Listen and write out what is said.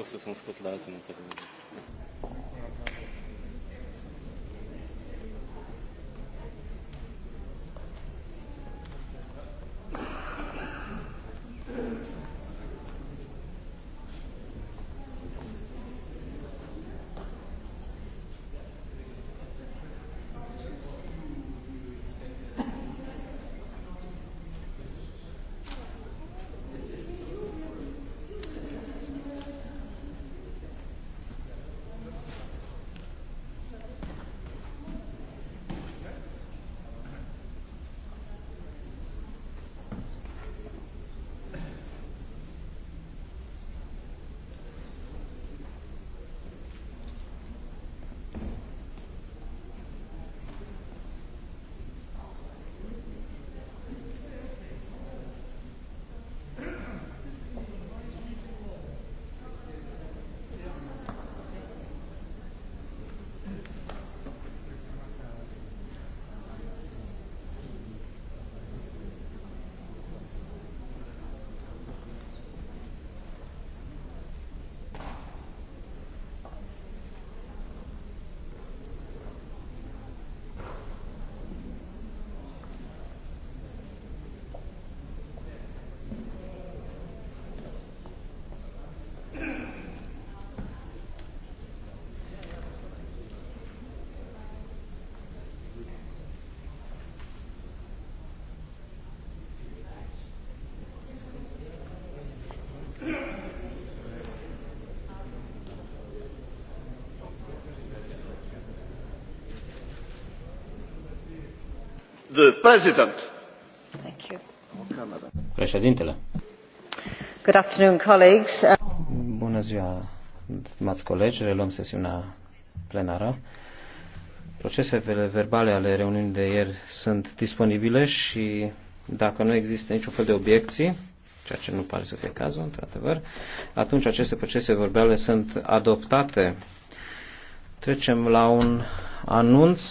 o să sunt scot la alții, nu înțeleg. Președintele. Bună ziua, stimați colegi. Reluăm sesiunea plenară. Procesele verbale ale reuniunii de ieri sunt disponibile și dacă nu există niciun fel de obiecții, ceea ce nu pare să fie cazul, într-adevăr, atunci aceste procese verbale sunt adoptate. Trecem la un anunț